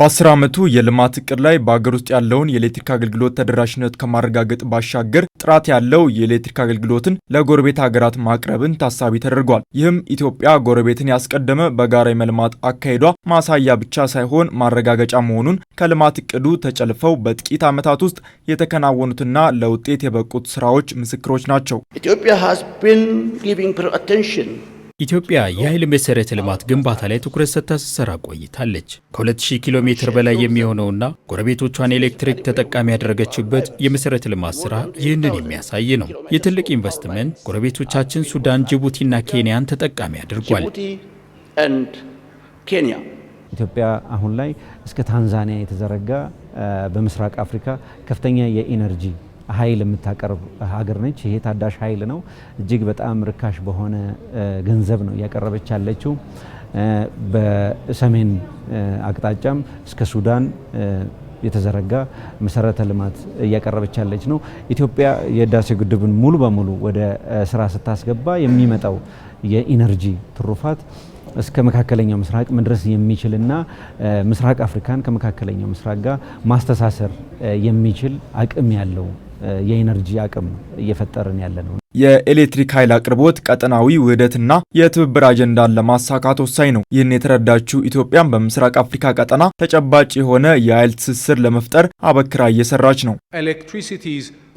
በአስር ዓመቱ የልማት እቅድ ላይ በሀገር ውስጥ ያለውን የኤሌክትሪክ አገልግሎት ተደራሽነት ከማረጋገጥ ባሻገር ጥራት ያለው የኤሌክትሪክ አገልግሎትን ለጎረቤት ሀገራት ማቅረብን ታሳቢ ተደርጓል። ይህም ኢትዮጵያ ጎረቤትን ያስቀደመ በጋራ የመልማት አካሄዷ ማሳያ ብቻ ሳይሆን ማረጋገጫ መሆኑን ከልማት እቅዱ ተጨልፈው በጥቂት ዓመታት ውስጥ የተከናወኑትና ለውጤት የበቁት ስራዎች ምስክሮች ናቸው። ኢትዮጵያ ኢትዮጵያ የኃይል መሠረተ ልማት ግንባታ ላይ ትኩረት ሰጥታ ስትሰራ ቆይታለች። ከ2000 ኪሎ ሜትር በላይ የሚሆነውና ጎረቤቶቿን ኤሌክትሪክ ተጠቃሚ ያደረገችበት የመሠረተ ልማት ስራ ይህንን የሚያሳይ ነው። የትልቅ ኢንቨስትመንት ጎረቤቶቻችን ሱዳን፣ ጅቡቲና ኬንያን ተጠቃሚ አድርጓል። ኢትዮጵያ አሁን ላይ እስከ ታንዛኒያ የተዘረጋ በምስራቅ አፍሪካ ከፍተኛ የኢነርጂ ኃይል የምታቀርብ ሀገር ነች። ይሄ ታዳሽ ኃይል ነው። እጅግ በጣም ርካሽ በሆነ ገንዘብ ነው እያቀረበች ያለችው። በሰሜን አቅጣጫም እስከ ሱዳን የተዘረጋ መሰረተ ልማት እያቀረበች ያለች ነው። ኢትዮጵያ የህዳሴ ግድብን ሙሉ በሙሉ ወደ ስራ ስታስገባ የሚመጣው የኢነርጂ ትሩፋት እስከ መካከለኛው ምስራቅ መድረስ የሚችልና ምስራቅ አፍሪካን ከመካከለኛው ምስራቅ ጋር ማስተሳሰር የሚችል አቅም ያለው የኢነርጂ አቅም እየፈጠርን ያለ ነው። የኤሌክትሪክ ኃይል አቅርቦት ቀጠናዊ ውህደትና የትብብር አጀንዳን ለማሳካት ወሳኝ ነው። ይህን የተረዳችው ኢትዮጵያን በምስራቅ አፍሪካ ቀጠና ተጨባጭ የሆነ የኃይል ትስስር ለመፍጠር አበክራ እየሰራች ነው።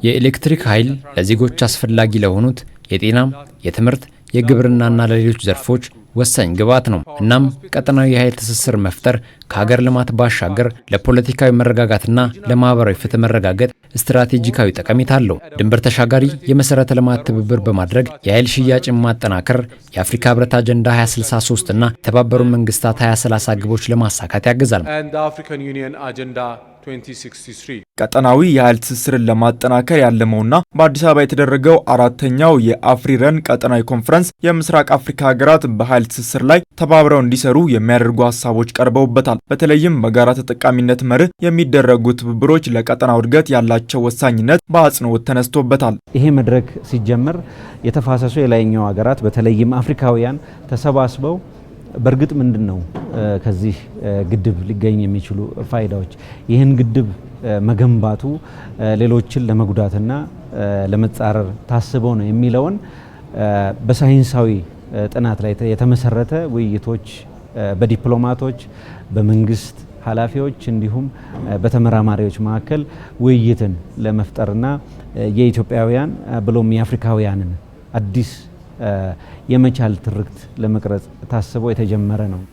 የኤሌክትሪክ ኃይል ለዜጎች አስፈላጊ ለሆኑት የጤና፣ የትምህርት፣ የግብርናና ለሌሎች ዘርፎች ወሳኝ ግብዓት ነው። እናም ቀጠናዊ የኃይል ትስስር መፍጠር ከሀገር ልማት ባሻገር ለፖለቲካዊ መረጋጋትና ለማህበራዊ ፍትህ መረጋገጥ ስትራቴጂካዊ ጠቀሜታ አለው። ድንበር ተሻጋሪ የመሰረተ ልማት ትብብር በማድረግ የኃይል ሽያጭን ማጠናከር የአፍሪካ ህብረት አጀንዳ 2063 እና የተባበሩት መንግስታት 2030 ግቦች ለማሳካት ያግዛል። ቀጠናዊ የኃይል ትስስርን ለማጠናከር ያለመውና በአዲስ አበባ የተደረገው አራተኛው የአፍሪረን ቀጠናዊ ኮንፈረንስ የምስራቅ አፍሪካ ሀገራት በኃይል ትስስር ላይ ተባብረው እንዲሰሩ የሚያደርጉ ሀሳቦች ቀርበውበታል። በተለይም በጋራ ተጠቃሚነት መርህ የሚደረጉ ትብብሮች ለቀጠናው እድገት ያላቸው ወሳኝነት በአጽንኦት ተነስቶበታል። ይሄ መድረክ ሲጀመር የተፋሰሱ የላይኛው ሀገራት በተለይም አፍሪካውያን ተሰባስበው በእርግጥ ምንድን ነው ከዚህ ግድብ ሊገኝ የሚችሉ ፋይዳዎች? ይህን ግድብ መገንባቱ ሌሎችን ለመጉዳትና ለመጻረር ታስቦ ነው የሚለውን በሳይንሳዊ ጥናት ላይ የተመሰረተ ውይይቶች በዲፕሎማቶች፣ በመንግስት ኃላፊዎች እንዲሁም በተመራማሪዎች መካከል ውይይትን ለመፍጠርና የኢትዮጵያውያን ብሎም የአፍሪካውያንን አዲስ የመቻል ትርክት ለመቅረጽ ታስቦ የተጀመረ ነው።